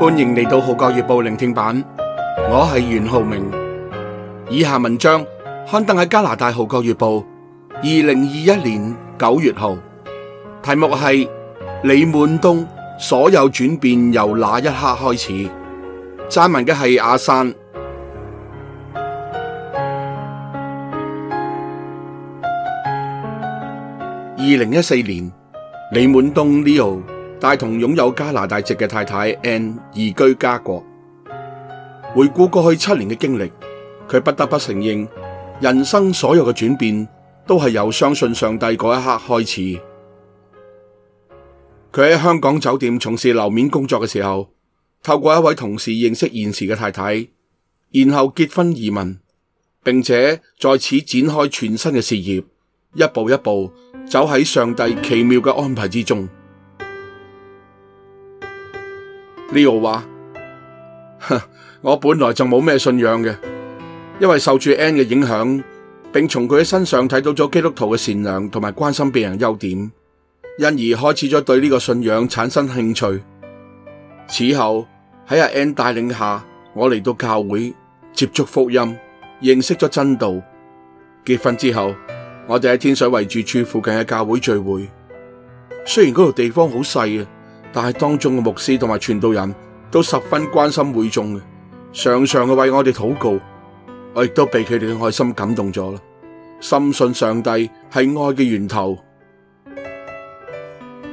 歡迎嚟到《號角月報》聆聽版，我係袁浩明。以下文章刊登喺加拿大《號角月報》二零二一年九月號，題目係李滿東所有轉變由那一刻開始。撰文嘅係阿山。二零一四年，李滿東 Leo。帶同擁有加拿大籍嘅太太 Anne 移居加國。回顧過去七年嘅經歷，佢不得不承認，人生所有嘅轉變都係由相信上帝嗰一刻開始。佢喺香港酒店從事樓面工作嘅時候，透過一位同事認識現時嘅太太，然後結婚移民，並且在此展開全新嘅事業，一步一步走喺上帝奇妙嘅安排之中。Leo 話：我本來就冇咩信仰嘅，因為受住 Anne 嘅影響，並從佢嘅身上睇到咗基督徒嘅善良同埋關心別人優點，因而開始咗對呢個信仰產生興趣。此後喺阿 Anne 帶領下，我嚟到教會接觸福音，認識咗真道。結婚之後，我哋喺天水圍住處附近嘅教會聚會，雖然嗰個地方好細。但是當中嘅牧師同埋傳道人都十分關心會眾嘅，常常為我哋禱告，我亦都被佢哋嘅愛心感動咗，深信上帝係愛嘅源頭。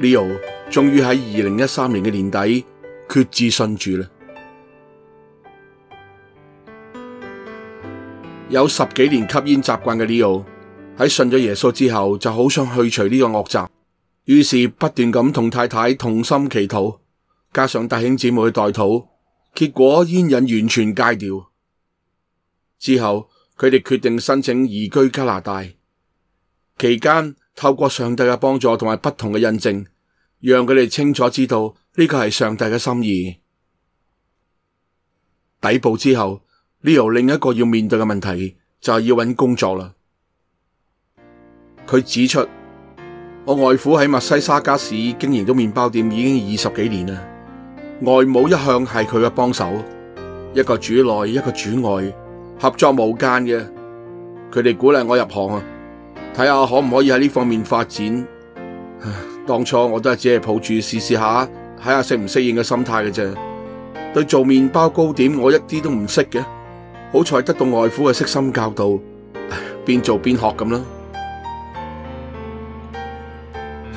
Leo 終於喺二零一三年嘅年底決志信主了。有十幾年吸煙習慣嘅 Leo 喺信咗耶穌之後，就好想去除呢個惡習。於是不斷咁同太太同心祈禱，加上弟兄姊妹去代禱，結果煙癮完全戒掉。之後佢哋決定申請移居加拿大，期間透過上帝嘅幫助同埋不同嘅印證，讓佢哋清楚知道呢個係上帝嘅心意。抵步之後，呢 Leo 另一個要面對嘅問題就係要搵工作啦。佢指出。我外父喺墨西沙加市經營咗麵包店，已經二十幾年了。外母一向係佢嘅幫手，一個主內一個主外，合作無間嘅。佢哋鼓勵我入行啊，睇下可唔可以喺呢方面發展。當初我都係只係抱住試試下，睇下適唔適應嘅心態嘅啫。對做麵包糕點我一啲都唔識嘅，好彩得到外父嘅悉心教導，邊做邊學咁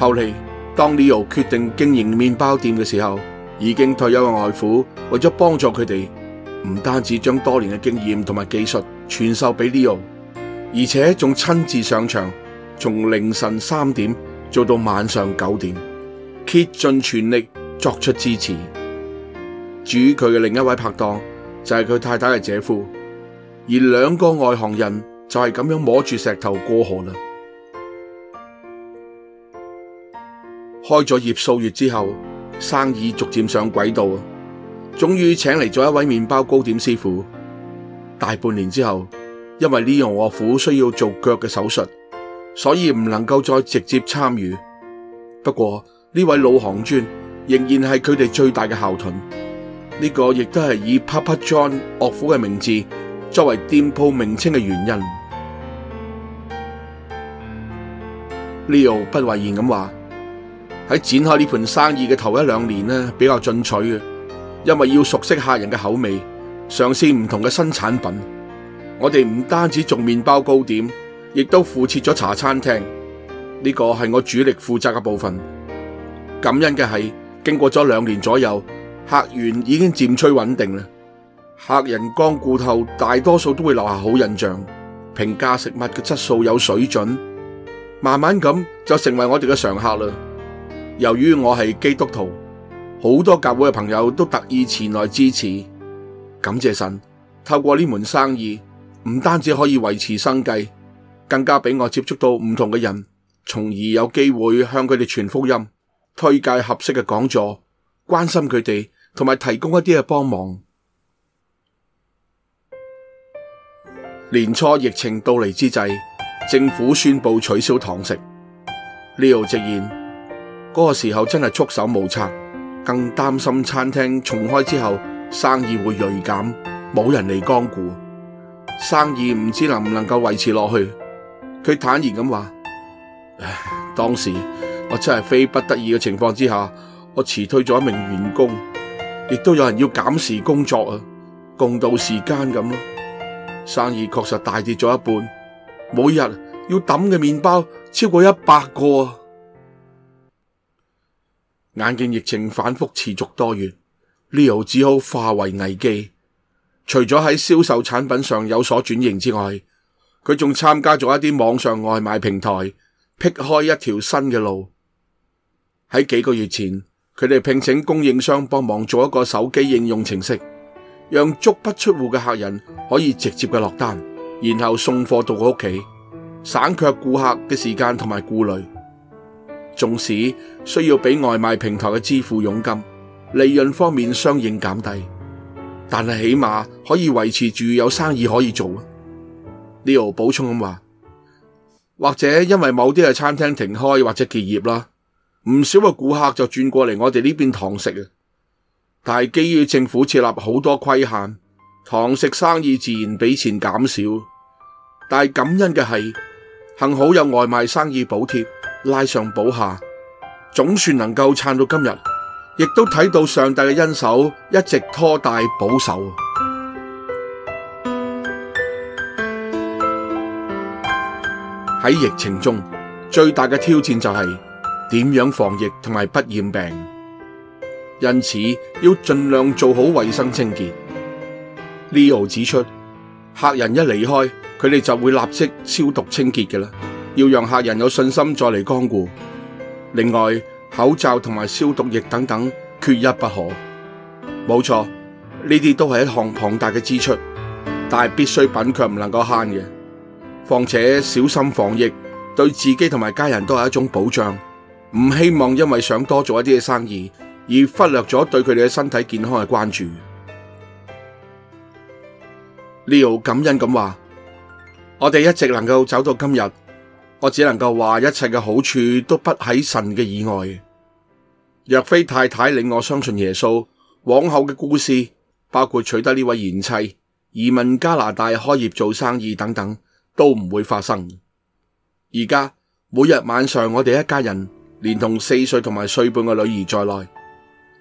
後嚟，當 Leo 決定經營麵包店嘅時候，已經退休嘅外父為咗幫助佢哋，唔單止將多年嘅經驗同埋技術傳授俾 Leo，而且仲親自上場，從凌晨三點做到晚上九點，竭盡全力作出支持。至於佢嘅另一位拍檔，就係佢太太嘅姐夫，而兩個外行人就係咁樣摸住石頭過河啦。開咗業數月之後，生意逐漸上軌道，終於請嚟咗一位麵包糕點師傅。大半年之後，因為 Leo 岳父需要做腳嘅手術，所以唔能夠再直接參與。不過呢位老行專仍然係佢哋最大嘅後盾。呢、這個亦都係以 Papa John 岳父嘅名字作為店鋪名稱嘅原因。Leo 不諱言咁話。喺展開呢盤生意嘅頭一兩年呢，比較進取嘅，因為要熟悉客人嘅口味，嘗試唔同嘅新產品。我哋唔單止做麵包糕點，亦都附設咗茶餐廳。呢、這個係我主力負責嘅部分。感恩嘅係經過咗兩年左右，客源已經漸趨穩定了。客人光顧後，大多數都會留下好印象，評價食物嘅質素有水準。慢慢咁就成為我哋嘅常客了。由於我係基督徒，好多教會嘅朋友都特意前來支持，感謝神。透過呢門生意，唔單止可以維持生計，更加畀我接觸到唔同嘅人，從而有機會向佢哋傳福音，推介合適嘅講座，關心佢哋，同埋提供一啲嘅幫忙。年初疫情到嚟之際，政府宣布取消堂食，Leo 直言。嗰個時候真係束手無策，更擔心餐廳重開之後生意會銳減，冇人嚟光顧，生意唔知能唔能夠維持落去。佢坦然咁話：當時我真係非不得已嘅情況之下，我辭退咗一名員工，亦都有人要減時工作啊，共度時艱咁咯。生意確實大跌咗一半，每日要抌嘅麵包超過一百個。眼見疫情反覆持續多月，Leo 只好化為危機。除咗喺銷售產品上有所轉型之外，佢仲參加咗一啲網上外賣平台，辟開一條新嘅路。喺幾個月前，佢哋聘請供應商幫忙做一個手機應用程式，讓足不出戶嘅客人可以直接嘅落單，然後送貨到屋企，省卻顧客嘅時間同埋顧慮。縱使需要俾外賣平台嘅支付佣金，利潤方面相應減低，但是起碼可以維持住有生意可以做。Leo 補充咁話，或者因為某啲嘅餐廳停開或者結業啦，唔少嘅顧客就轉過嚟，我哋呢邊堂食。但係基於政府設立好多規限，堂食生意自然比前減少。但係感恩嘅係，幸好有外賣生意補貼。拉上補下，總算能夠撐到今日，亦都睇到上帝嘅恩手一直拖帶保守。喺疫情中最大嘅挑戰就係、是、點樣防疫同埋不染病，因此要盡量做好衛生清潔。Leo 指出，客人一離開，佢哋就會立即消毒清潔噶啦。要讓客人有信心再嚟光顧。另外，口罩同埋消毒液等等，缺一不可。冇錯，呢啲都係一項龐大嘅支出，但係必需品，卻唔能夠慳嘅。況且小心防疫，對自己同埋家人都係一種保障。唔希望因為想多做一啲嘅生意，而忽略咗對佢哋嘅身體健康嘅關注。Leo 感恩咁話：「我哋一直能夠走到今日。我只能夠話，一切嘅好處都不喺神嘅以外。若非太太令我相信耶穌，往後嘅故事，包括取得呢位賢妻、移民加拿大、開業做生意等等，都唔會發生。而家每日晚上，我哋一家人連同四歲同埋歲半嘅女兒在內，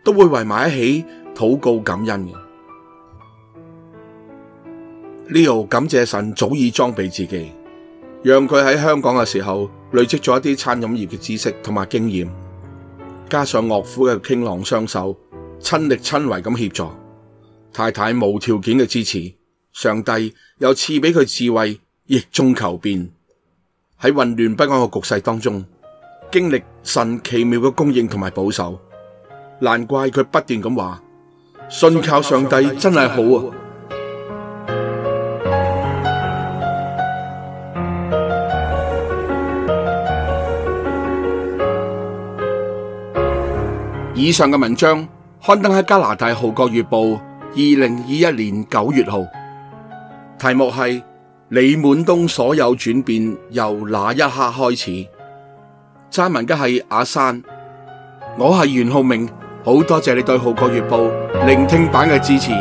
都會圍埋一起禱告感恩。Leo 感謝神早已裝備自己，讓佢喺香港嘅時候累積咗一啲餐飲業嘅知識同埋經驗，加上岳父嘅傾囊相授、親力親為咁協助，太太無條件嘅支持，上帝又賜俾佢智慧，逆中求變，喺混亂不安嘅局勢當中，經歷神奇妙嘅供應同埋保守，難怪佢不斷咁話，信靠上帝真係好啊！以上嘅文章刊登喺加拿大《號角月報》二零二一年九月號，題目係李滿東所有轉變由那一刻開始，撰文嘅係阿山，我係袁浩明，好多謝你對《號角月報》聆聽版嘅支持。